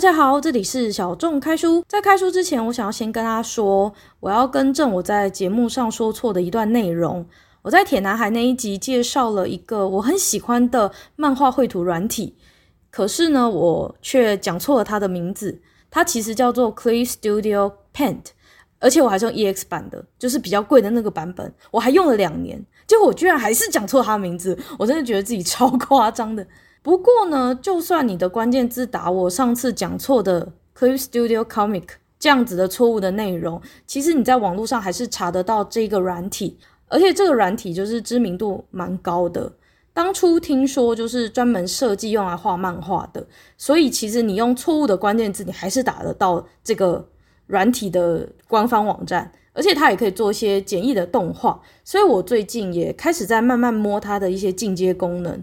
大家好，這裡是小眾開書。在開書之前，我想要先跟大家說，我要更正我在節目上說錯的一段內容。我在鐵男孩那一集介紹了一個我很喜歡的漫畫繪圖軟體，可是呢，我卻講錯了它的名字。它其實叫做 Clip Studio Paint，而且我還是用 EX 版的，就是比較貴的那個版本。我還用了兩年，結果我居然還是講錯它的名字，我真的覺得自己超誇張的。不過呢，就算你的關鍵字打我上次講錯的 Clip Studio Comic 這樣子的錯誤的內容，其實你在網絡上還是查得到這個軟體，而且這個軟體就是知名度蠻高的。當初聽說就是專門設計用來畫漫畫的，所以其實你用錯誤的關鍵字，你還是打得到這個軟體的官方網站，而且它也可以做一些簡易的動畫。所以我最近也開始在慢慢摸它的一些進階功能。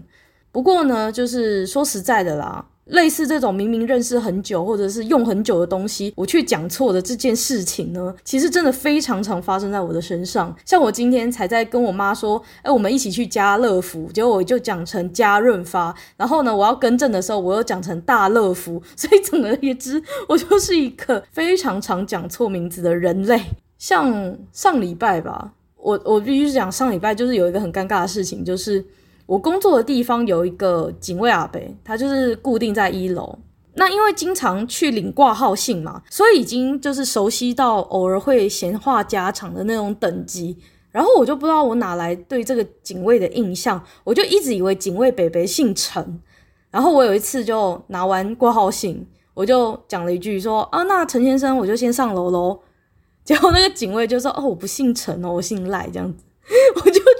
不過呢，就是說實在的啦，類似這種明明認識很久或者是用很久的東西，我去講錯的這件事情呢，其實真的非常常發生在我的身上。像我今天才在跟我媽說，哎，我們一起去家樂福，結果我就講成家潤發，然後呢，我要更正的時候，我又講成大樂福。所以總而言之，我就是一個非常常講錯名字的人類。像上禮拜吧，我我必須講上禮拜就是有一個很尷尬的事情，就是。我工作的地方有一個警衛阿伯，他就是固定在一樓。那因為經常去領掛號信嘛，所以已經就是熟悉到偶爾會閒話家常的那種等級。然後我就不知道我哪來對這個警衛的印象，我就一直以為警衛伯伯姓陳。然後我有一次就拿完掛號信，我就講了一句說：“啊，那陳先生，我就先上樓嘍。”結果那個警衛就說：“哦、啊，我不姓陳哦，我姓賴這樣子。”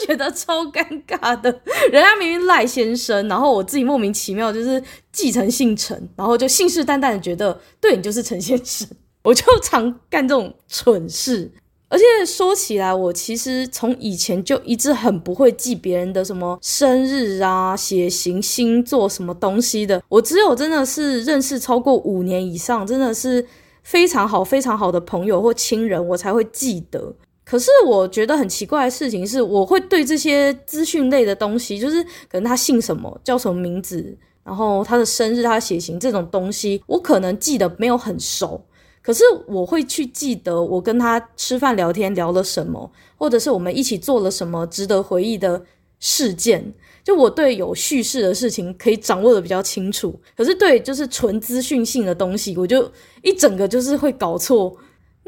覺得超尷尬的，人家明明賴先生，然後我自己莫名其妙就是記成姓陳，然後就信誓旦旦地覺得對你就是陳先生，我就常幹這種蠢事。而且說起來，我其實從以前就一直很不會記別人的什麼生日啊、血型、星座什麼東西的，我只有真的是認識超過五年以上，真的是非常好、非常好的朋友或親人，我才會記得。可是我覺得很奇怪的事情是，我會對這些資訊類的東西，就是可能他姓什麼、叫什麼名字，然後他的生日、他血型這種東西，我可能記得沒有很熟。可是我會去記得我跟他吃飯聊天聊了什麼，或者是我們一起做了什麼值得回憶的事件。就我對有敘事的事情可以掌握得比較清楚，可是對就是純資訊性的東西，我就一整個就是會搞錯。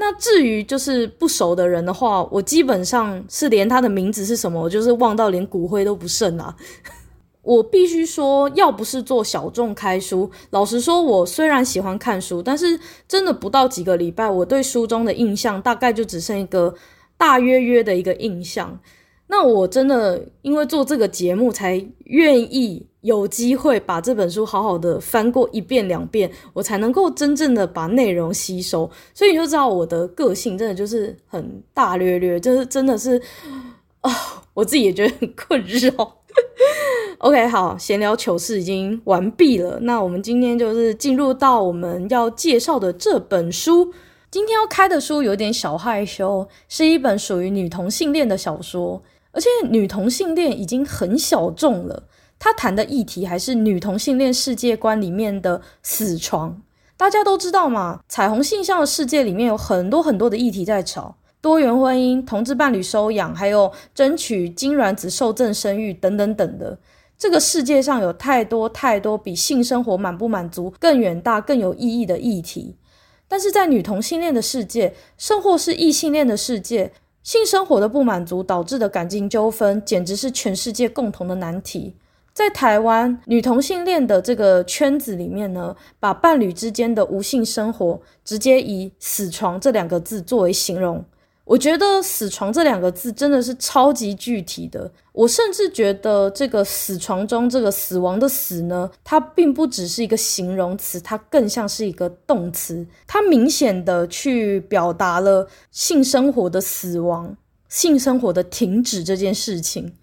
那至於就是不熟的人的話，我基本上是連他的名字是什麼，我就是忘到連骨灰都不剩啊！ 我必須說，要不是做小眾開書，老實說，我雖然喜歡看書，但是真的不到幾個禮拜，我對書中的印象大概就只剩一個大約約的一個印象。那我真的因為做這個節目，才願意有機會把這本書好好的翻過一遍兩遍，我才能夠真正的把內容吸收。所以你就知道我的個性真的就是很大咧咧，就是真的是哦，我自己也覺得很困擾。 OK，好，閒聊糗事已經完畢了，那我們今天就是進入到我們要介紹的這本書。今天要開的書有點小害羞，是一本屬於女同性戀的小說。而且女同性戀已經很小眾了，他談的議題還是女同性戀世界觀裡面的死床。大家都知道嘛，彩虹性向的世界裡面有很多很多的議題在吵，多元婚姻、同志伴侶收養，還有爭取精卵子受證生育等等等的。這個世界上有太多太多比性生活滿不滿足更遠大更有意義的議題，但是在女同性戀的世界，甚或是異性戀的世界。性生活的不滿足導致的感情糾紛，簡直是全世界共同的難題。在台灣，女同性戀的這個圈子裡面呢，把伴侶之間的無性生活直接以“死床”這兩個字作為形容。我覺得“死床”這兩個字真的是超級具體的。我甚至覺得這個“死床中”這個“死亡的死”呢，它並不只是一個形容詞，它更像是一個動詞。它明顯的去表達了性生活的死亡、性生活的停止這件事情。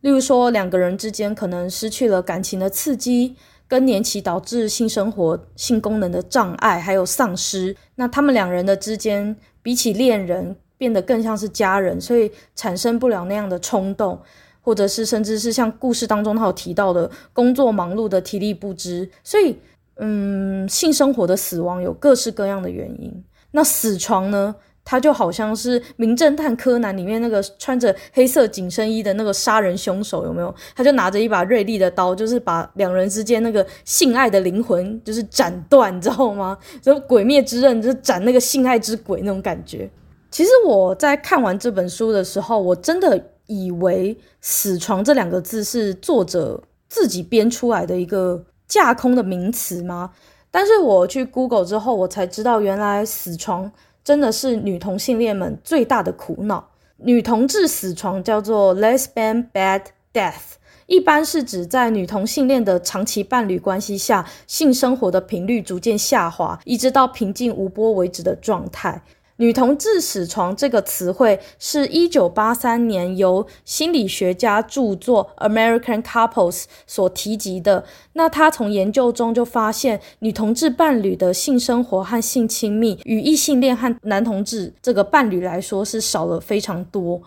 例如說，兩個人之間可能失去了感情的刺激，更年期導致性生活、性功能的障礙還有喪失，那他們兩人的之間比起戀人，變得更像是家人，所以產生不了那樣的衝動，或者是甚至是像故事當中他有提到的，工作忙碌的體力不支，所以嗯，性生活的死亡有各式各樣的原因。那死床呢？他就好像是《名偵探柯南》裡面那個穿着黑色緊身衣的那個殺人兇手，有沒有？他就拿着一把銳利的刀，就是把兩人之間那個性愛的靈魂就是斬斷，你知道嗎？就是鬼滅之刃，就是斬那個性愛之鬼那種感覺。其實我在看完這本書的時候，我真的以為“死床”這兩個字是作者自己編出來的一個架空的名詞嗎？但是我去 Google 之後，我才知道，原來“死床”真的是女同性戀們最大的苦惱。女同志“死床”叫做 lesbian bed death，一般是指在女同性戀的長期伴侶關係下，性生活的頻率逐漸下滑，一直到平靜無波為止的狀態。女同志死床這個詞彙是一九八三年由心理學家著作《American Couples》所提及的。那他從研究中就發現，女同志伴侶的性生活和性親密，與異性戀和男同志這個伴侶來說是少了非常多。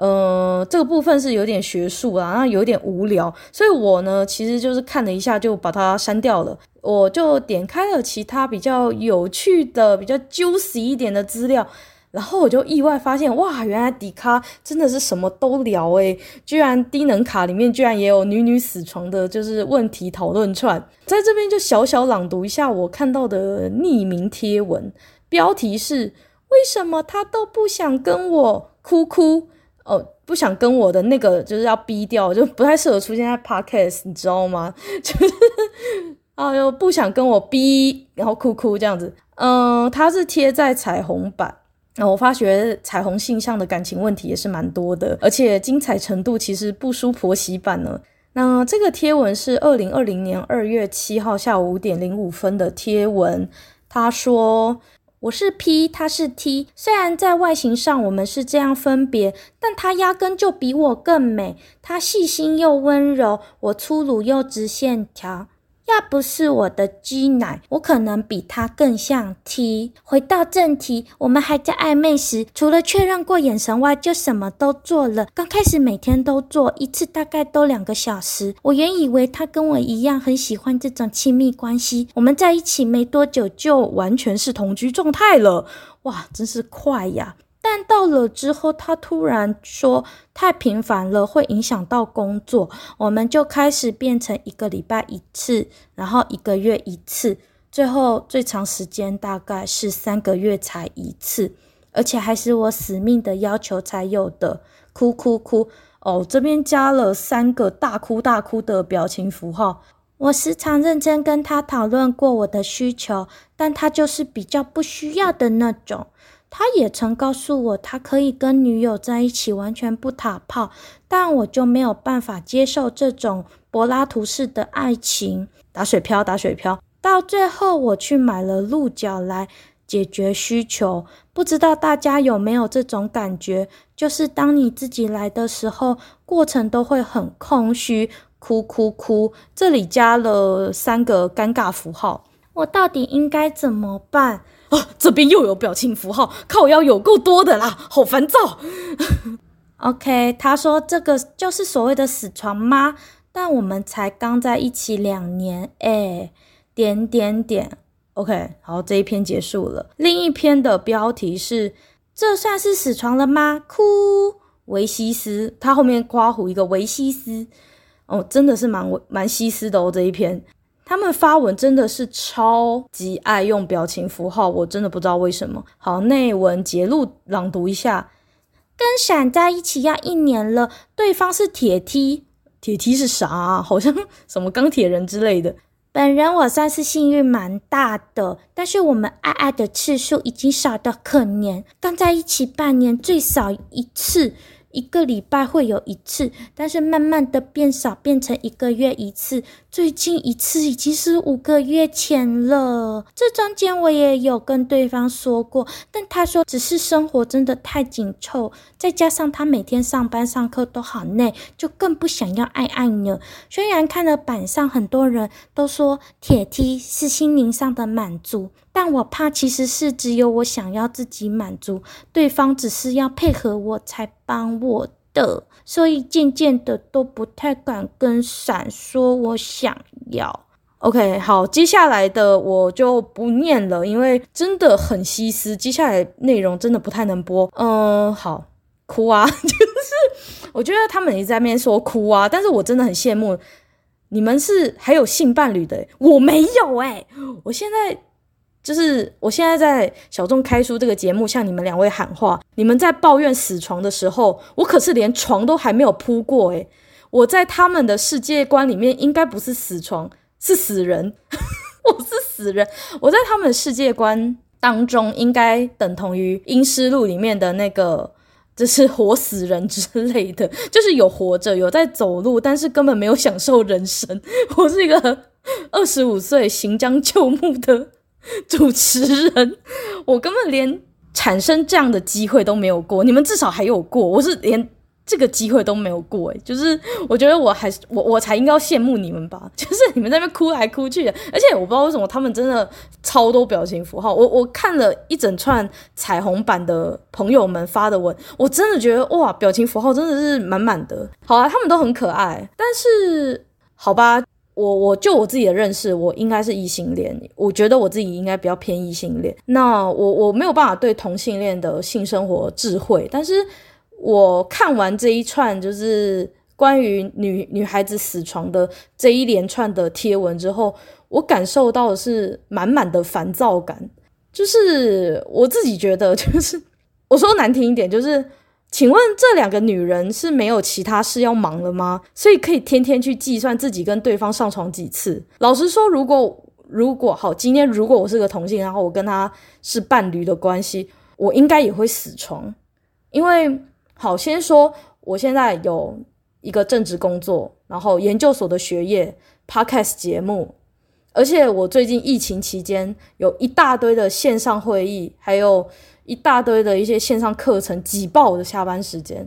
嗯、呃，這個部分是有點學術啦，然後有點無聊，所以我呢其實就是看了一下就把它刪掉了。我就點開了其他比較有趣的、比較 juicy 一點的資料，然後我就意外發現，哇，原來 Dcard 真的是什麼都聊誒、欸，居然低能卡裡面居然也有女女死床的，就是問題討論串，在這邊就小小朗讀一下我看到的匿名貼文，標題是：為什麼他都不想跟我哭哭？哦，不想跟我的那個就是要逼掉，就不太適合出現在 podcast，你知道嗎？就是，哦、就不想跟我逼，然後哭哭這樣子。嗯，它是貼在彩虹版，那、哦、我發覺彩虹性向的感情問題也是蠻多的，而且精彩程度其實不輸婆媳版呢。那這個貼文是二零二零年二月七號下午五點零五分的貼文，他說。我是 P，她是 T。雖然在外形上我們是這樣分別，但她壓根就比我更美。她細心又溫柔，我粗魯又直線條。要不是我的雞奶，我可能比他更像 T。回到正題，我們還在曖昧時，除了確認過眼神外，就什麼都做了。剛開始每天都做一次，大概都兩個小時。我原以為他跟我一樣很喜歡這種親密關係，我們在一起沒多久就完全是同居狀態了。哇，真是快呀！到了之後，他突然說太頻繁了，會影響到工作。我們就開始變成一個禮拜一次，然後一個月一次，最後最長時間大概是三個月才一次，而且還是我死命的要求才有的。哭哭哭哦，這邊加了三個大哭大哭的表情符號。我時常認真跟他討論過我的需求，但他就是比較不需要的那種。他也曾告訴我，他可以跟女友在一起，完全不打炮，但我就沒有辦法接受這種柏拉圖式的愛情，打水漂，打水漂。到最後，我去買了鹿角來解決需求。不知道大家有沒有這種感覺？就是當你自己來的時候，過程都會很空虛，哭哭哭。這裡加了三個尷尬符號。我到底應該怎麼辦？哦，這邊又有表情符號，靠腰有夠多的啦，好煩躁。 OK，他說這個就是所謂的死床嗎？但我們才剛在一起兩年，哎、欸，點點點。OK，好，這一篇結束了。另一篇的標題是“這算是死床了嗎？”哭，維西斯，他後面刮胡一個維西斯，哦，真的是蠻維蠻西斯的哦，這一篇。他們發文真的是超級愛用表情符號，我真的不知道為什麼。好，內文截錄朗讀一下：跟閃在一起要一年了，對方是鐵 T，鐵 T 是啥啊？好像什麼鋼鐵人之類的。本人我算是幸運蠻大的，但是我們愛愛的次數已經少得可憐，剛在一起半年最少一次，一個禮拜會有一次，但是慢慢的變少，變成一個月一次。最近一次已經是五個月前了。這中間我也有跟對方說過，但他說只是生活真的太緊湊，再加上他每天上班上課都好累，就更不想要愛愛了。雖然看了板上很多人都說鐵 T 是心靈上的滿足。但我怕，其實是只有我想要自己滿足，對方只是要配合我才幫我的，所以漸漸的都不太敢跟閃說我想要。OK，好，接下來的我就不念了，因為真的很西施。接下來內容真的不太能播。嗯，好哭啊， 就是我覺得他們一直在那邊說哭啊，但是我真的很羨慕你們是還有性伴侶的、欸，我沒有哎、欸，我現在。就是我現在在小眾開書這個節目，向你們兩位喊話：你們在抱怨死床的時候，我可是連床都還沒有鋪過誒。我在他們的世界觀裡面，應該不是死床，是死人。 我是死人，我在他們的世界觀當中，應該等同於《陰屍錄》裡面的那個，就是活死人之類的，就是有活着，有在走路，但是根本沒有享受人生。我是一個二十五歲行將就木的。主持人，我根本連產生這樣的機會都沒有過。你們至少還有過，我是連這個機會都沒有過耶。就是我覺得我還是我，我才應該要羨慕你們吧。就是你們在那邊哭來哭去的，而且我不知道為什麼他們真的超多表情符號。我我看了一整串彩虹版的朋友們發的文，我真的覺得哇，表情符號真的是滿滿的。好啊，他們都很可愛，但是好吧。我我就我自己的認識，我應該是異性戀，我覺得我自己應該比較偏異性戀。那我我沒有辦法對同性戀的性生活智慧，但是我看完這一串，就是關於女女孩子死床的這一連串的貼文之後，我感受到的是滿滿的煩躁感，就是我自己覺得，就是我說難聽一點，就是。請問這兩個女人是沒有其他事要忙了嗎？所以可以天天去計算自己跟對方上床幾次。老實說，如果，如果好，今天如果我是個同性，然後我跟他是伴侶的關係，我應該也會死床。因為好，先說我現在有一個正職工作，然後研究所的學業，podcast 節目，而且我最近疫情期間有一大堆的線上會議，還有。一大堆的一些線上課程擠爆我的下班時間，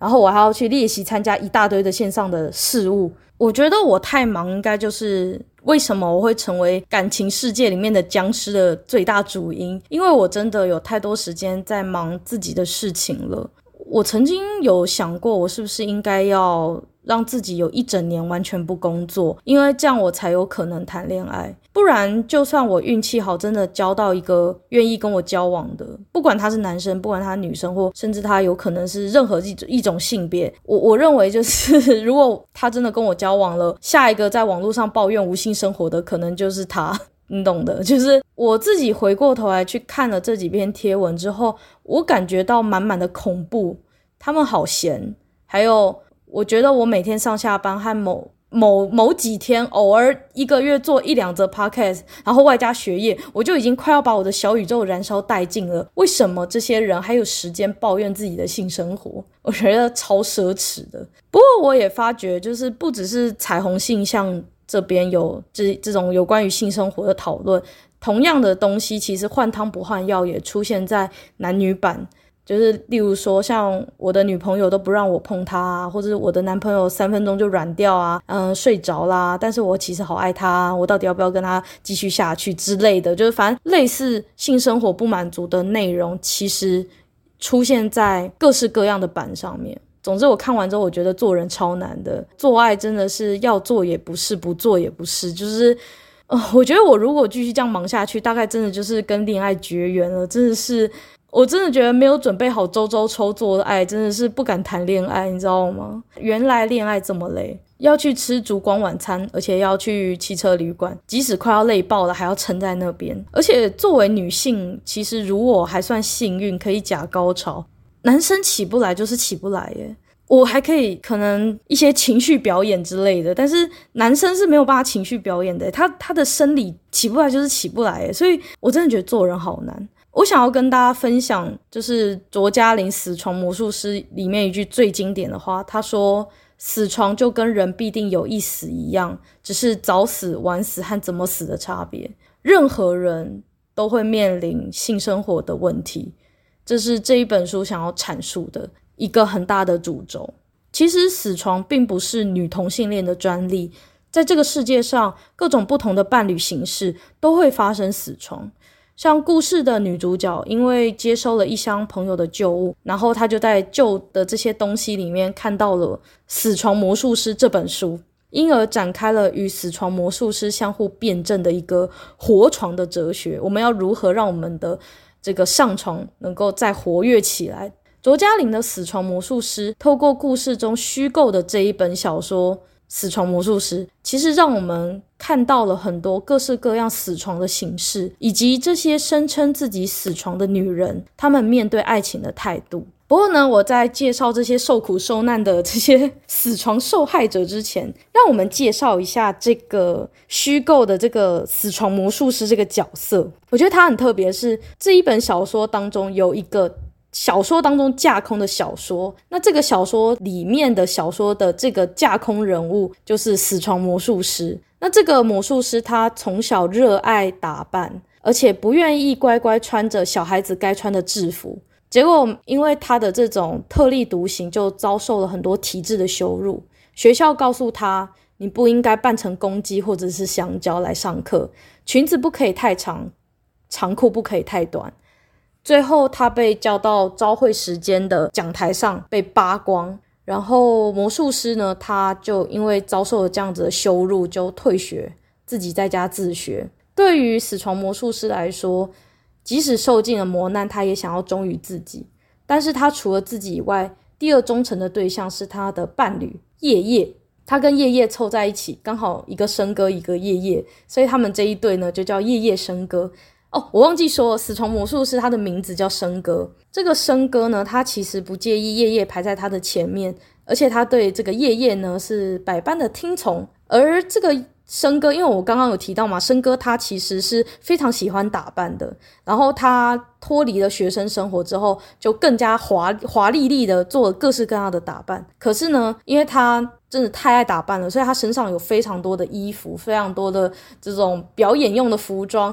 然後我還要去練習參加一大堆的線上的事務。我覺得我太忙，應該就是為什麼我會成為感情世界裡面的僵屍的最大主因，因為我真的有太多時間在忙自己的事情了。我曾經有想過，我是不是應該要讓自己有一整年完全不工作，因為這樣我才有可能談戀愛。不然，就算我運氣好，真的交到一個願意跟我交往的，不管他是男生，不管他是女生，或甚至他有可能是任何一一種性別，我我認為就是，如果他真的跟我交往了，下一個在網絡上抱怨無性生活的可能就是他，你懂的。就是我自己回過頭來去看了這幾篇貼文之後，我感覺到滿滿的恐怖。他們好閒，還有。我覺得我每天上下班和某某某幾天偶爾一個月做一兩則 podcast，然後外加學業，我就已經快要把我的小宇宙燃燒殆盡了。為什麼這些人還有時間抱怨自己的性生活？我覺得超奢侈的。不過我也發覺，就是不只是彩虹性向這邊有這這種有關於性生活的討論，同樣的東西其實換湯不換藥，也出現在男女版，就是例如說，像我的女朋友都不讓我碰她啊，或者我的男朋友三分鐘就軟掉啊，嗯，睡着啦。但是我其實好愛她啊，我到底要不要跟她繼續下去之類的，就是反正類似性生活不滿足的內容，其實出現在各式各樣的版上面。總之我看完之後，我覺得做人超難的，做愛真的是要做也不是，不做也不是。就是，呃，我覺得我如果繼續這樣忙下去，大概真的就是跟戀愛絕緣了，真的是。我真的覺得沒有準備好周周抽做的愛，真的是不敢談戀愛，你知道嗎？原來戀愛這麼累，要去吃燭光晚餐，而且要去汽車旅館，即使快要累爆了，還要撐在那邊。而且作為女性，其實如果還算幸運，可以假高潮，男生起不來就是起不來耶。我還可以可能一些情緒表演之類的，但是男生是沒有辦法情緒表演的，他他的生理起不來就是起不來耶，所以我真的覺得做人好難。我想要跟大家分享，就是卓嘉琳《死床魔術師》裡面一句最經典的話，她說：“死床就跟人必定有一死一樣，只是早死、晚死和怎麼死的差別。任何人都會面臨性生活的問題，這是這一本書想要闡述的一個很大的主軸。其實死床並不是女同性戀的專利，在這個世界上，各種不同的伴侶形式都會發生死床。”像故事的女主角，因為接收了一箱朋友的舊物，然後她就在舊的這些東西裡面看到了《死床魔術師》這本書，因而展開了與死床魔術師相互辯證的一個活床的哲學。我們要如何讓我們的這個上床能夠再活躍起來？卓嘉琳的《死床魔術師》透過故事中虛構的這一本小說。死床魔術師，其實讓我們看到了很多各式各樣死床的形式，以及這些聲稱自己死床的女人，她們面對愛情的態度。不過呢，我在介紹這些受苦受難的這些死床受害者之前，讓我們介紹一下這個虛構的這個死床魔術師這個角色。我覺得他很特別，是這一本小說當中有一個。小說當中架空的小說，那這個小說裡面的小說的這個架空人物就是死床魔術師。那這個魔術師他從小熱愛打扮，而且不願意乖乖穿着小孩子該穿的制服。結果因為他的這種特立獨行，就遭受了很多體制的羞辱。學校告訴他，你不應該扮成公雞或者是香蕉來上課，裙子不可以太長，長褲不可以太短。最後，他被叫到朝會時間的講台上，被扒光。然後魔術師呢，他就因為遭受了這樣子的羞辱，就退學，自己在家自學。對於死床魔術師來說，即使受盡了磨難，他也想要忠於自己。但是他除了自己以外，第二忠誠的對象是他的伴侶夜夜。他跟夜夜湊在一起，剛好一個笙歌、一個夜夜，所以他們這一對呢，就叫夜夜笙歌。哦，我忘記說了，死床魔術師他的名字叫笙歌。這個笙歌呢，他其實不介意夜夜排在他的前面，而且他對這個夜夜呢是百般的聽從。而這個笙歌，因為我剛剛有提到嘛，笙歌他其實是非常喜歡打扮的。然後他脫離了學生生活之後，就更加華華麗麗的做了各式各樣的打扮。可是呢，因為他真的太愛打扮了，所以他身上有非常多的衣服，非常多的這種表演用的服裝。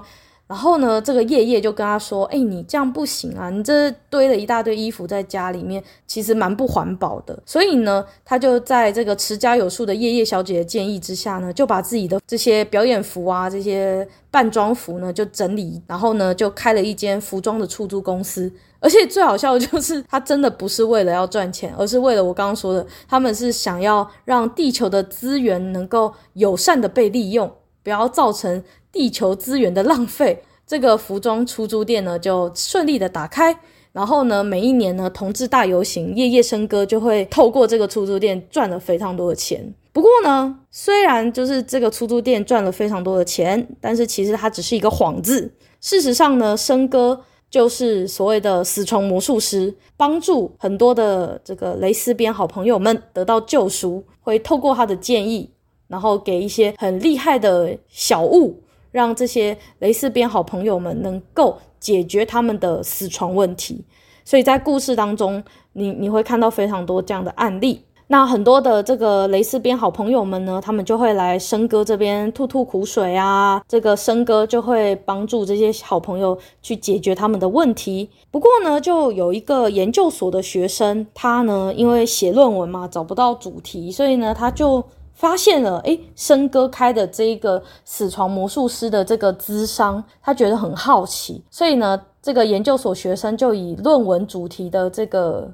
然後呢，這個夜夜就跟他說：“誒，你這樣不行啊，你這堆了一大堆衣服在家裡面，其實蠻不環保的。所以呢，他就在這個持家有術的夜夜小姐的建議之下呢，就把自己的這些表演服啊、這些扮裝服呢，就整理，然後呢，就開了一間服裝的出租公司。而且最好笑的就是，他真的不是為了要賺錢，而是為了我剛剛說的，他們是想要讓地球的資源能夠友善的被利用，不要造成”地球資源的浪費，這個服裝出租店呢，就順利的打開，然後呢，每一年呢同志大遊行，夜夜笙歌就會透過這個出租店賺了非常多的錢。不過呢，雖然就是這個出租店賺了非常多的錢，但是其實它只是一個幌子。事實上呢，笙歌就是所謂的死床魔術師，幫助很多的這個蕾絲邊好朋友們得到救贖，會透過他的建議，然後給一些很厲害的小物。讓這些蕾絲邊好朋友們能夠解決他們的死床問題，所以在故事當中，你你會看到非常多這樣的案例。那很多的這個蕾絲邊好朋友們呢，他們就會來笙歌這邊吐吐苦水啊，這個笙歌就會幫助這些好朋友去解決他們的問題。不過呢，就有一個研究所的學生，他呢因為寫論文嘛，找不到主題，所以呢他就。發現了，哎，笙歌開的這一個死床魔術師的這個諮商，他覺得很好奇，所以呢，這個研究所學生就以論文主題的這個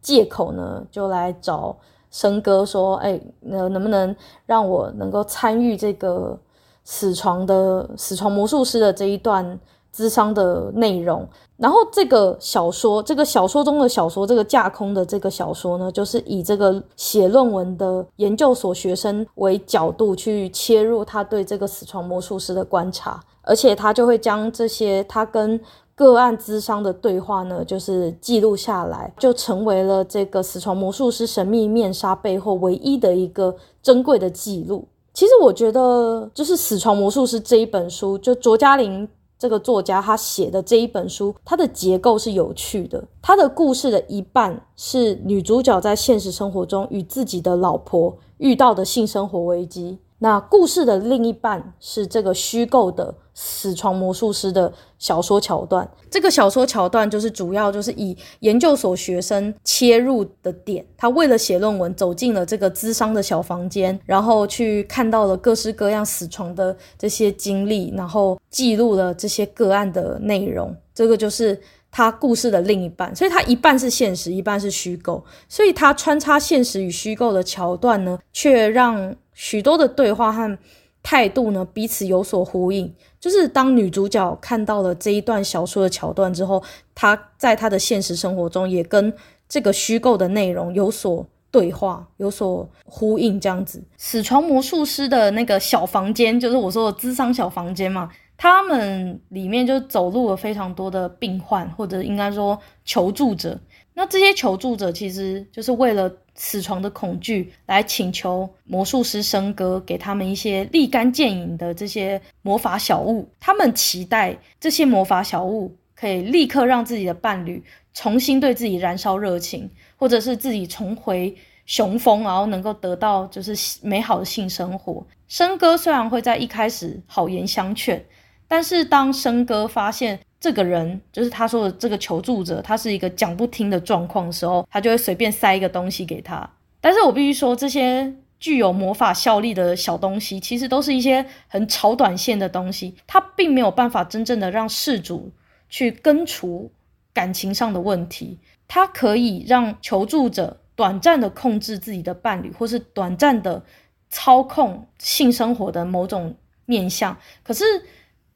借口呢，就來找笙歌說，哎，能不能讓我能夠參與這個死床的死床魔術師的這一段？諮商的內容，然後這個小說，這個小說中的小說，這個架空的這個小說呢，就是以這個寫論文的研究所學生為角度去切入他對這個死床魔術師的觀察，而且他就會將這些他跟個案諮商的對話呢，就是記錄下來，就成為了這個死床魔術師神祕面紗背後唯一的一個珍貴的記錄。其實我覺得，就是《死床魔術師》這一本書，就卓嘉琳。這個作家他寫的這一本書，它的結構是有趣的。他的故事的一半是女主角在現實生活中與自己的老婆遇到的性生活危機，那故事的另一半是這個虛構的。死床魔術師的小說橋段，這個小說橋段就是主要就是以研究所學生切入的點，他為了寫論文走進了這個諮商的小房間，然後去看到了各式各樣死床的這些經歷，然後記錄了這些個案的內容。這個就是他故事的另一半，所以他一半是現實，一半是虛構，所以他穿插現實與虛構的橋段呢，卻讓許多的對話和態度呢彼此有所呼應。就是當女主角看到了這一段小說的橋段之後，她在她的現實生活中也跟這個虛構的內容有所對話、有所呼應，這樣子。死床魔術師的那個小房間，就是我說的諮商小房間嘛，他們裡面就走入了非常多的病患，或者應該說求助者。那這些求助者其實就是為了死床的恐懼，來請求魔術師笙歌給他們一些立竿見影的這些魔法小物。他們期待這些魔法小物可以立刻讓自己的伴侶重新對自己燃燒熱情，或者是自己重回雄風，然後能夠得到就是美好的性生活。笙歌雖然會在一開始好言相勸，但是當笙歌發現，這個人就是他說的這個求助者，他是一個講不聽的狀況的時候，他就會隨便塞一個東西給他。但是我必須說，這些具有魔法效力的小東西，其實都是一些很炒短線的東西，它並沒有辦法真正的讓事主去根除感情上的問題。它可以讓求助者短暫的控制自己的伴侶，或是短暫的操控性生活的某種面向。可是。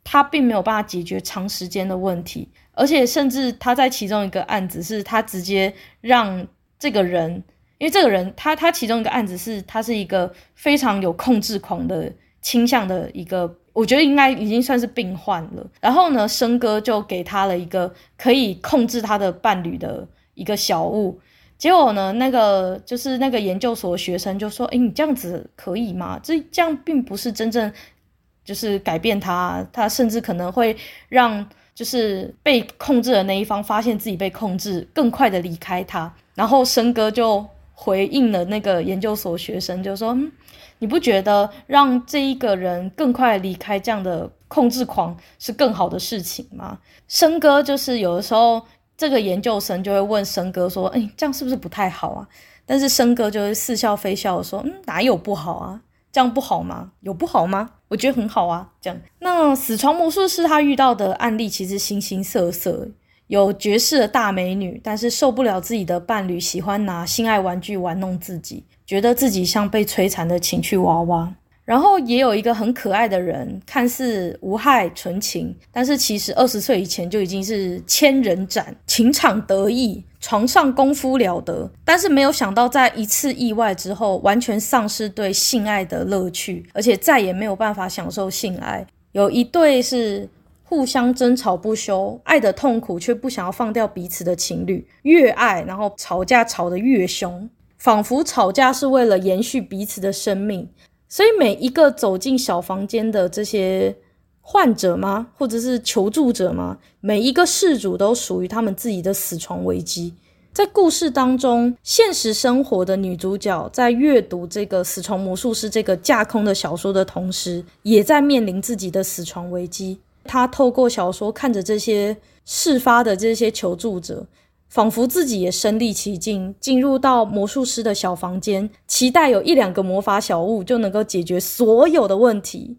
他並沒有辦法解決長時間的問題，而且甚至他在其中一個案子是，他直接讓這個人，因為這個人他他其中一個案子是，他是一個非常有控制狂的傾向的一個，我覺得應該已經算是病患了。然後呢，笙歌就給他了一個可以控制他的伴侶的一個小物，結果呢，那個就是那個研究所的學生就說：“誒、欸，你這樣子可以嗎？這這樣並不是真正。”就是改變他，他甚至可能會讓就是被控制的那一方發現自己被控制，更快的離開他。然後笙歌就回應了那個研究所學生就，就、嗯、說：“你不覺得讓這一個人更快離開這樣的控制狂是更好的事情嗎？”笙歌就是有的時候這個研究生就會問笙歌說：“誒、欸、這樣是不是不太好啊？”但是笙歌就是似笑非笑的說：“嗯，哪有不好啊？”這樣不好嗎？有不好嗎？我覺得很好啊。這樣，那死床魔術師他遇到的案例其實形形色色，有絕世的大美女，但是受不了自己的伴侶喜歡拿性愛玩具玩弄自己，覺得自己像被摧殘的情趣娃娃。然後也有一個很可愛的人，看似無害純情，但是其實二十歲以前就已經是千人斬，情場得意，床上功夫了得。但是沒有想到，在一次意外之後，完全喪失對性愛的樂趣，而且再也沒有辦法享受性愛。有一對是互相爭吵不休，愛得痛苦卻不想要放掉彼此的情侶，越愛然後吵架吵得越凶，仿佛吵架是為了延續彼此的生命。所以每一個走進小房間的這些患者嗎？或者是求助者嗎？每一個事主都屬於他們自己的死床危機。在故事當中，現實生活的女主角在閱讀這個《死床魔術師》這個架空的小說的同時，也在面臨自己的死床危機。她透過小說看着這些事發的這些求助者。仿佛自己也身歷其境，進入到魔術師的小房間，期待有一兩個魔法小物就能夠解決所有的問題。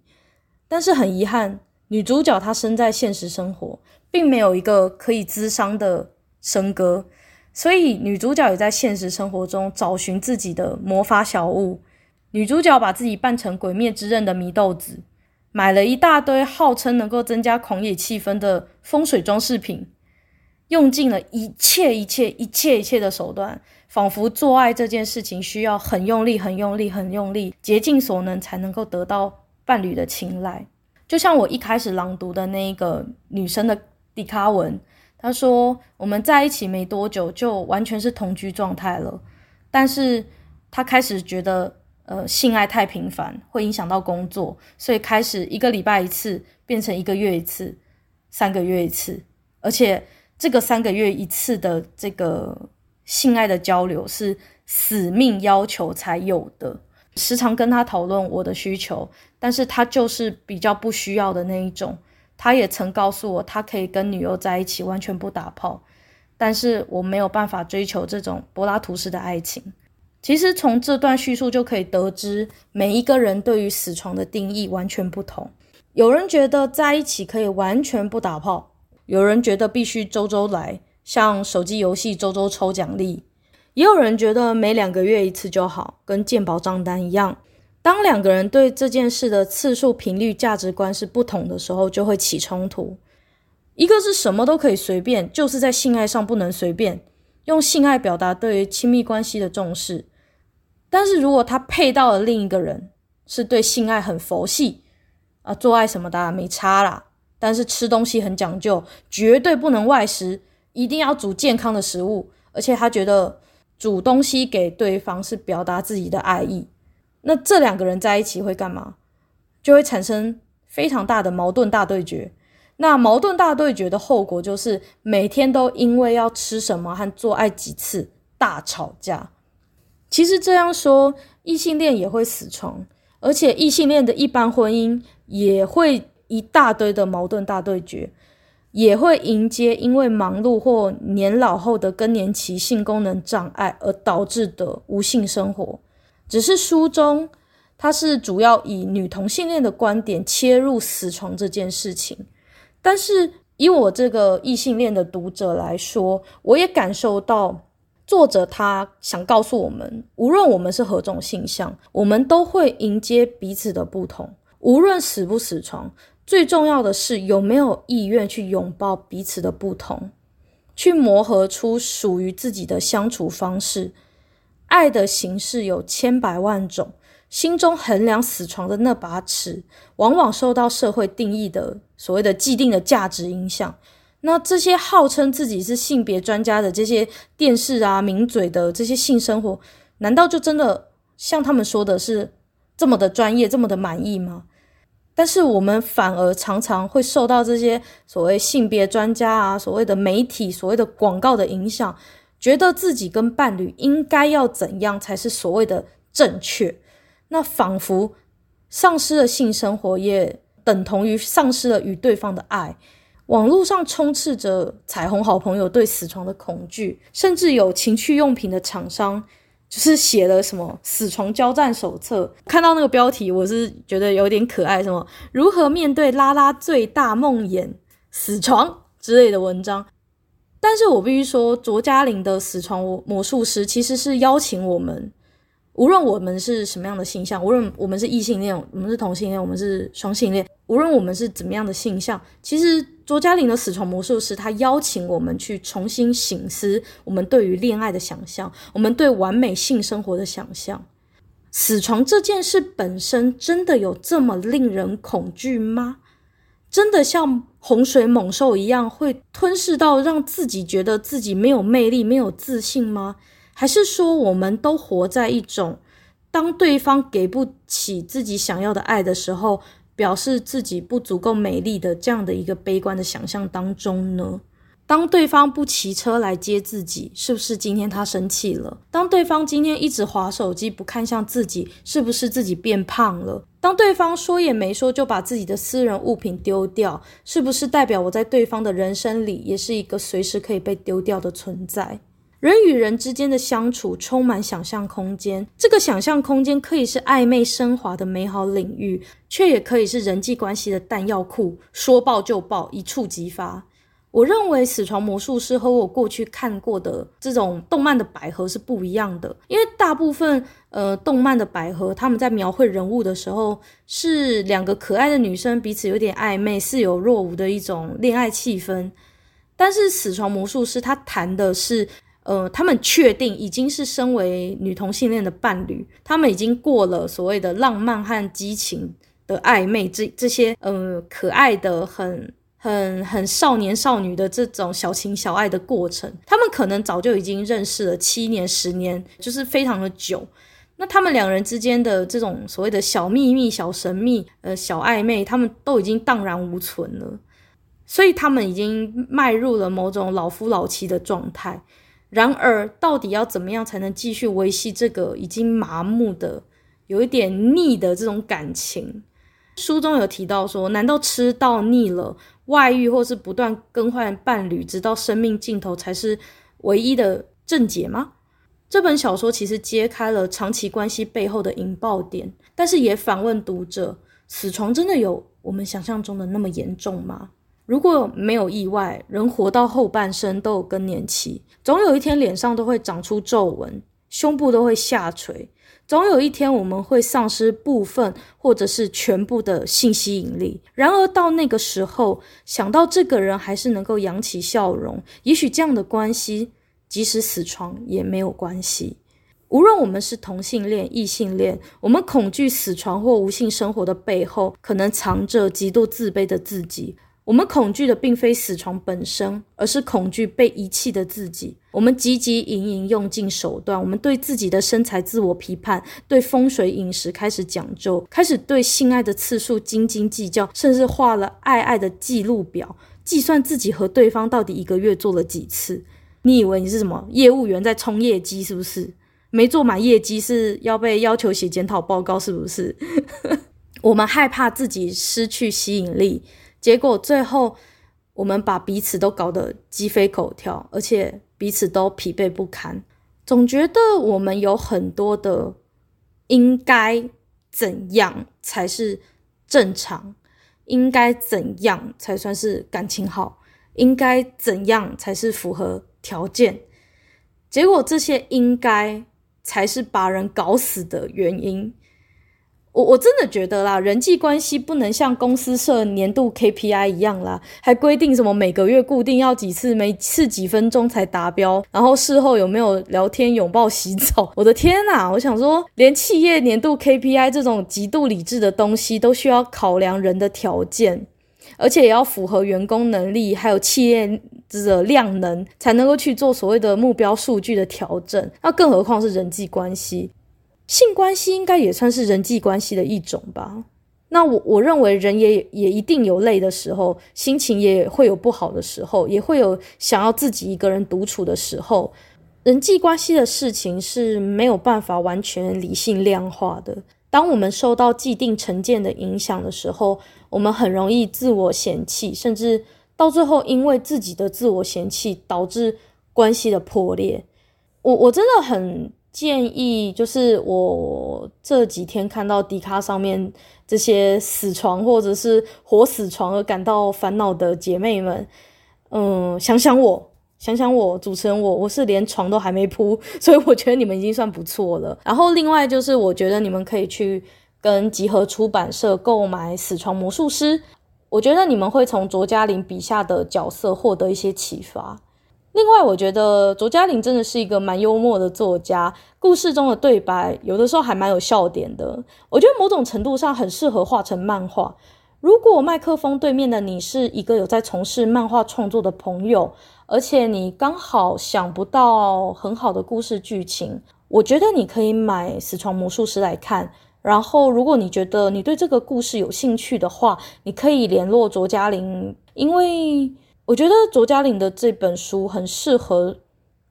但是很遺憾，女主角她身在現實生活，並沒有一個可以諮商的笙歌，所以女主角也在現實生活中找尋自己的魔法小物。女主角把自己扮成《鬼滅之刃》的祢豆子，買了一大堆號稱能夠增加狂野氣氛的風水裝飾品。用盡了一切一切一切一切的手段，仿佛做愛這件事情需要很用力很用力很用力，竭盡所能才能夠得到伴侶的青睞。就像我一開始朗讀的那個女生的迪卡文，她說我們在一起沒多久就完全是同居狀態了，但是她開始覺得，呃，性愛太頻繁，會影響到工作，所以開始一個禮拜一次，變成一個月一次，三個月一次，而且，這個三個月一次的這個性愛的交流是死命要求才有的，時常跟他討論我的需求，但是他就是比較不需要的那一種。他也曾告訴我，他可以跟女友在一起完全不打炮，但是我沒有辦法追求這種柏拉圖式的愛情。其實從這段敘述就可以得知，每一個人對於死床的定義完全不同。有人覺得在一起可以完全不打炮。有人覺得必須周周來，像手機遊戲周周抽獎勵；也有人覺得每兩個月一次就好，跟健保賬單一樣。當兩個人對這件事的次數頻率價值觀是不同的時候，就會起衝突。一個是什麼都可以隨便，就是在性愛上不能隨便，用性愛表達對於親密關係的重視。但是如果他配到了另一個人，是對性愛很佛系啊，做愛什麼的沒差啦。但是吃東西很講究，絕對不能外食，一定要煮健康的食物。而且他覺得煮東西給對方是表達自己的愛意。那這兩個人在一起會幹嘛？就會產生非常大的矛盾大對決。那矛盾大對決的後果就是每天都因為要吃什麼和做愛幾次大吵架。其實這樣說，異性戀也會死床，而且異性戀的一般婚姻也會。一大堆的矛盾大對決，也會迎接因為忙碌或年老後的更年期性功能障礙而導致的無性生活。只是書中，它是主要以女同性戀的觀點切入死床這件事情。但是以我這個異性戀的讀者來說，我也感受到作者他想告訴我們，無論我們是何種性向，我們都會迎接彼此的不同，無論死不死床。最重要的是有沒有意願去擁抱彼此的不同，去磨合出屬於自己的相處方式。愛的形式有千百萬種，心中衡量死床的那把尺，往往受到社會定義的所謂的既定的價值影響。那這些號稱自己是性別專家的這些電視啊、名嘴的這些性生活，難道就真的像他們說的是這麼的專業、這麼的滿意嗎？但是我們反而常常會受到這些所謂性別專家啊、所謂的媒體、所謂的廣告的影響，覺得自己跟伴侶應該要怎樣才是所謂的正確。那仿佛喪失了性生活，也等同於喪失了與對方的愛。網絡上充斥着彩虹好朋友對死床的恐懼，甚至有情趣用品的廠商。就是寫了什麼《死床交戰手冊》，看到那個標題，我是覺得有點可愛，什麼“如何面對拉拉最大夢魘死床”之類的文章。但是我必須說，卓嘉琳的《死床魔術師》其實是邀請我們，無論我們是什麼樣的性向，無論我們是異性戀，我們是同性戀，我們是雙性戀，無論我們是怎麼樣的性向，其實。卓嘉琳的死床魔術師，他邀請我們去重新省思我們對於戀愛的想象，我們對完美性生活的想象。死床這件事本身，真的有這麼令人恐懼嗎？真的像洪水猛獸一樣，會吞噬到讓自己覺得自己沒有魅力、沒有自信嗎？還是說，我們都活在一種，當對方給不起自己想要的愛的時候？表示自己不足夠美麗的這樣的一個悲觀的想象當中呢？當對方不騎車來接自己，是不是今天他生氣了？當對方今天一直滑手機不看向自己，是不是自己變胖了？當對方說也沒說就把自己的私人物品丟掉，是不是代表我在對方的人生裡也是一個隨時可以被丟掉的存在？人與人之間的相處充滿想象空間，這個想象空間可以是曖昧升華的美好領域，卻也可以是人際關係的彈藥庫，說爆就爆，一觸即發。我認為《死床魔術師》和我過去看過的這種動漫的百合是不一樣的，因為大部分呃動漫的百合，他們在描繪人物的時候是兩個可愛的女生彼此有點曖昧、似有若無的一種戀愛氣氛，但是《死床魔術師》他談的是，呃，他們確定已經是身為女同性戀的伴侶，他們已經過了所謂的浪漫和激情的曖昧這這些，呃可愛的很很很少年少女的這種小情小愛的過程。他們可能早就已經認識了七年、十年，就是非常的久。那他們兩人之間的這種所謂的小秘密、小神秘、呃，小曖昧，他們都已經蕩然無存了。所以他們已經邁入了某種老夫老妻的狀態。然而，到底要怎麼樣才能繼續維繫這個已經麻木的、有一點膩的這種感情？書中有提到說，難道吃到膩了，外遇或是不斷更換伴侶，直到生命盡頭才是唯一的症結嗎？這本小說其實揭開了長期關係背後的引爆點，但是也反問讀者：死床真的有我們想象中的那麼嚴重嗎？如果沒有意外，人活到後半生都有更年期，總有一天臉上都會長出皺紋，胸部都會下垂，總有一天我們會喪失部分或者是全部的性吸引力。然而到那個時候，想到這個人還是能夠揚起笑容，也許這樣的關係即使死床也沒有關係。無論我們是同性戀、異性戀，我們恐懼死床或無性生活的背後，可能藏着極度自卑的自己。我們恐懼的並非死床本身，而是恐懼被遺棄的自己。我們汲汲營營，用盡手段。我們對自己的身材自我批判，對風水飲食開始講究，開始對性愛的次數斤斤計較，甚至畫了愛愛的記錄表，計算自己和對方到底一個月做了幾次。你以為你是什麼業務員在衝業績，是不是？沒做滿業績是要被要求寫檢討報告？是不是？ 我們害怕自己失去吸引力。結果最後，我們把彼此都搞得雞飛狗跳，而且彼此都疲憊不堪。總覺得我們有很多的應該怎樣才是正常，應該怎樣才算是感情好，應該怎樣才是符合條件。結果這些應該才是把人搞死的原因。我我真的覺得啦，人際關係不能像公司設年度 KPI 一樣啦，還規定什麼每個月固定要幾次，每次幾分鐘才達標，然後事後有沒有聊天、擁抱、洗澡，我的天哪！我想說，連企業年度 KPI 這種極度理智的東西，都需要考量人的條件，而且也要符合員工能力，還有企業這個量能，才能夠去做所謂的目標數據的調整。那更何況是人際關係？性關係應該也算是人際關係的一種吧。那我我認為人也也一定有累的時候，心情也會有不好的時候，也會有想要自己一個人獨處的時候。人際關係的事情是沒有辦法完全理性量化的。當我們受到既定成見的影響的時候，我們很容易自我嫌棄，甚至到最後因為自己的自我嫌棄導致關係的破裂。我我真的很。建議就是我這幾天看到迪卡上面這些死床或者是活死床而感到煩惱的姐妹們，嗯，想想我，想想我，主持人我，我是連床都還沒鋪，所以我覺得你們已經算不錯了。然後另外就是我覺得你們可以去跟集合出版社購買《死床魔術師》，我覺得你們會從卓嘉琳筆下的角色獲得一些啟發。另外，我覺得卓嘉琳真的是一個蠻幽默的作家，故事中的對白有的時候還蠻有笑點的。我覺得某種程度上很適合畫成漫畫。如果麥克風對面的你是一個有在從事漫畫創作的朋友，而且你剛好想不到很好的故事劇情，我覺得你可以買《死床魔術師》來看。然後，如果你覺得你對這個故事有興趣的話，你可以聯絡卓嘉琳，因為。我覺得卓嘉琳的這本書很適合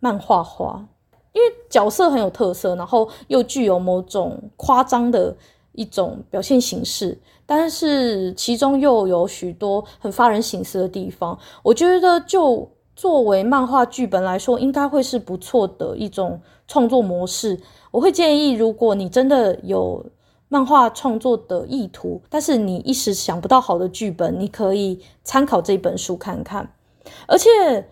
漫畫化，因為角色很有特色，然後又具有某種誇張的一種表現形式，但是其中又有許多很發人省思的地方。我覺得就作為漫畫劇本來說，應該會是不錯的一種創作模式。我會建議，如果你真的有。漫畫創作的意圖，但是你一時想不到好的劇本，你可以參考這本書看看。而且，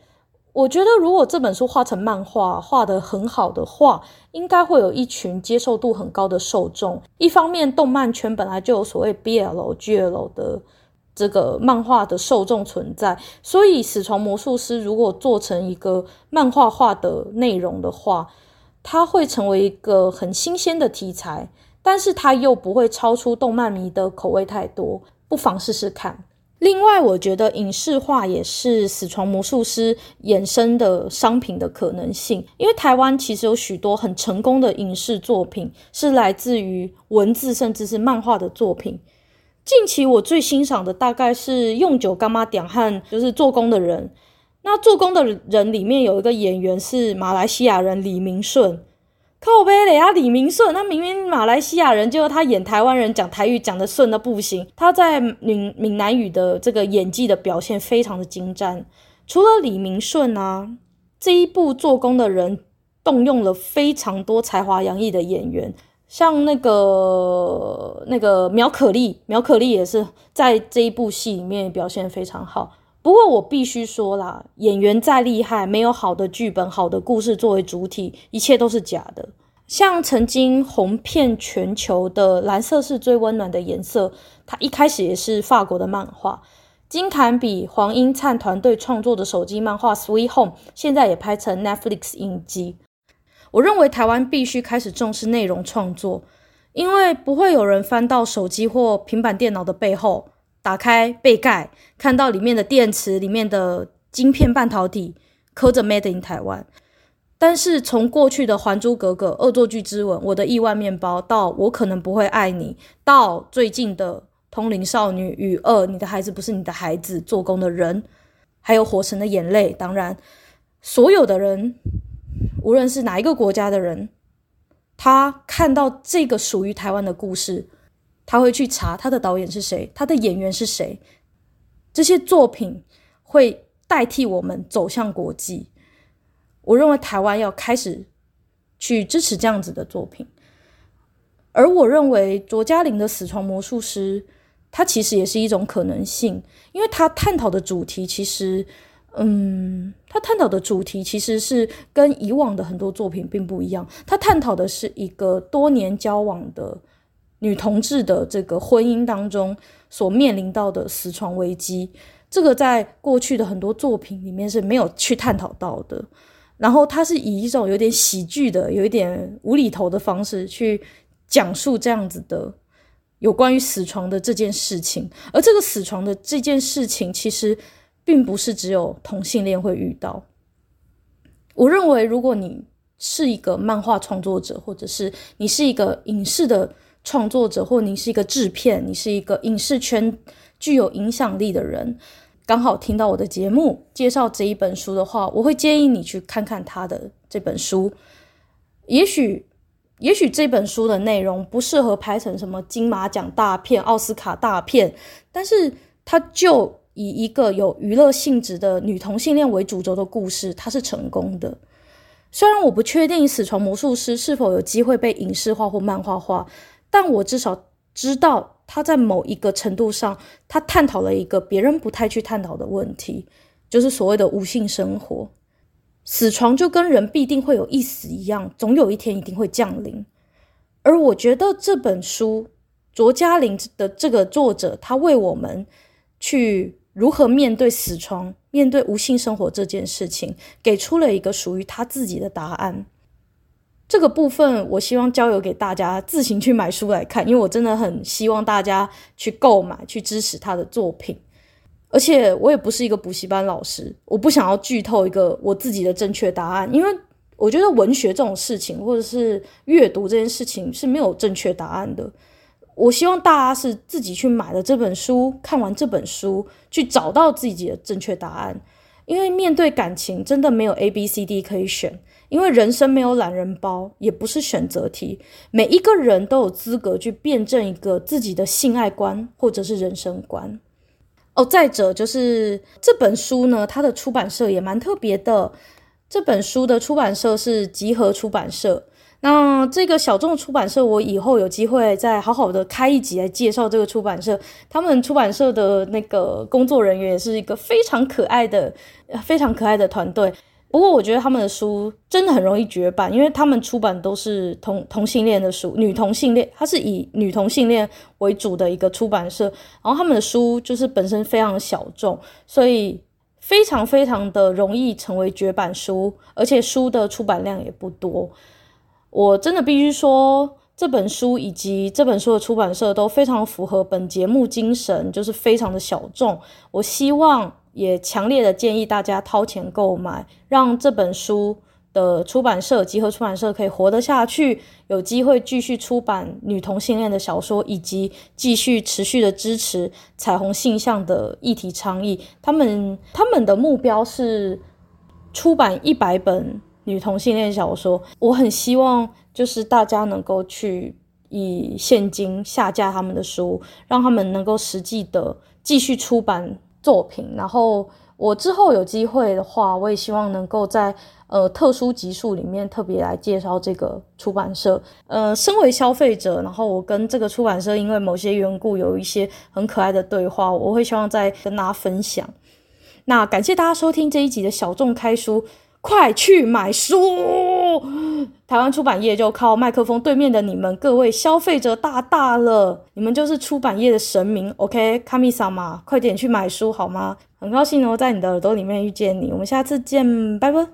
我覺得如果這本書畫成漫畫，畫得很好的話，應該會有一群接受度很高的受眾。一方面，動漫圈本來就有所謂 BL、GL 的這個漫畫的受眾存在，所以《死床魔術師》如果做成一個漫畫化的內容的話，它會成為一個很新鮮的題材。但是它又不會超出動漫迷的口味太多，不妨試試看。另外，我覺得影視化也是《死床魔術師》衍生的商品的可能性，因為台灣其實有許多很成功的影視作品是來自於文字甚至是漫畫的作品。近期我最欣賞的大概是《用九柑仔店》和就是做工的人。那做工的人裡面有一個演員是馬來西亞人李銘順。靠背的呀，李銘順他明明馬來西亞人，結果他演台灣人講台語講得順的不行，他在閩閩南語的這個演技的表現非常的精湛。除了李銘順啊，這一部做工的人動用了非常多才華洋溢的演員，像那個那個苗可麗，苗可麗也是在這一部戲裡面表現得非常好。不過我必須說啦，演員再厲害，沒有好的劇本、好的故事作為主體，一切都是假的。像曾經紅遍全球的《藍色是最溫暖的顏色》，它一開始也是法國的漫畫。金坎比、黃英燦團隊創作的手機漫畫《Sweet Home》，現在也拍成 Netflix 影集。我認為台灣必須開始重視內容創作，因為不會有人翻到手機或平板電腦的背後。打開背蓋，看到裡面的電池，裡面的晶片半桃、半導體刻着 “Made in 台灣。但是從過去的《還珠格格》《惡作劇之吻》《我的億萬麵包》到《我可能不會愛你》，到最近的《通靈少女與惡》《你的孩子不是你的孩子》做工的人，還有《火神的眼淚》，當然，所有的人，無論是哪一個國家的人，他看到這個屬於台灣的故事。他會去查他的導演是誰？他的演員是誰？這些作品會代替我們走向國際。我認為台灣要開始去支持這樣子的作品，而我認為卓嘉琳的《死床魔術師》，他其實也是一種可能性，因為他探討的主題其實，嗯，他探討的主題其實是跟以往的很多作品並不一樣，他探討的是一個多年交往的。女同志的這個婚姻當中所面臨到的死床危機，這個在過去的很多作品裡面是沒有去探討到的。然後它是以一種有點喜劇的、有一點無厘頭的方式去講述這樣子的有關於死床的這件事情。而這個死床的這件事情，其實並不是只有同性戀會遇到。我認為，如果你是一個漫畫創作者，或者是你是一個影視的。創作者或你是一個製片，你是一個影視圈具有影響力的人，剛好聽到我的節目介紹這一本書的話，我會建議你去看看他的這本書。也許，也許這本書的內容不適合拍成什麼金馬獎大片、奧斯卡大片，但是它就以一個有娛樂性質的女同性戀為主軸的故事，它是成功的。雖然我不確定《死床魔術師》是否有機會被影視化或漫畫化。但我至少知道，他在某一個程度上，他探討了一個別人不太去探討的問題，就是所謂的無性生活。死床就跟人必定會有一死一樣，總有一天一定會降臨。而我覺得這本書，卓嘉琳的這個作者，他為我們去如何面對死床、面對無性生活這件事情，給出了一個屬於他自己的答案。這個部分，我希望交由給大家自行去買書來看，因為我真的很希望大家去購買、去支持他的作品。而且，我也不是一個補習班老師，我不想要劇透一個我自己的正確答案，因為我覺得文學這種事情，或者是閱讀這件事情是沒有正確答案的。我希望大家是自己去買了這本書，看完這本書，去找到自己的正確答案。因為面對感情，真的沒有 A、B、C、D 可以選。因為人生沒有懶人包，也不是選擇題，每一個人都有資格去辯證一個自己的性愛觀或者是人生觀。哦，再者就是這本書呢，它的出版社也蠻特別的。這本書的出版社是集合出版社，那這個小眾出版社，我以後有機會再好好的開一集來介紹這個出版社。他們出版社的那個工作人員也是一個非常可愛的、非常可愛的團隊。不過我覺得他們的書真的很容易絕版，因為他們出版都是同同性戀的書，女同性戀，它是以女同性戀為主的一個出版社，然後他們的書就是本身非常小眾，所以非常非常的容易成為絕版書，而且書的出版量也不多。我真的必須說，這本書以及這本書的出版社都非常符合本節目精神，就是非常的小眾。我希望。也強烈的建議大家掏錢購買，讓這本書的出版社，集合出版社可以活得下去，有機會繼續出版女同性戀的小說，以及繼續持續的支持彩虹性向的議題倡議。他們他們的目標是出版一百本女同性戀小說。我很希望就是大家能夠去以現金下架他們的書，讓他們能夠實際的繼續出版。作品，然後我之後有機會的話，我也希望能夠在呃特殊集數裡面特別來介紹這個出版社。呃，身為消費者，然後我跟這個出版社因為某些緣故有一些很可愛的對話，我會希望再跟大家分享。那感謝大家收聽這一集的小眾開書。快去買書！台灣出版業就靠麥克風對面的你們，各位消費者大大了，你們就是出版業的神明。OK，Kamisama，快點去買書好嗎？很高興喔，能夠在你的耳朵裡面遇見你，我們下次見，拜拜。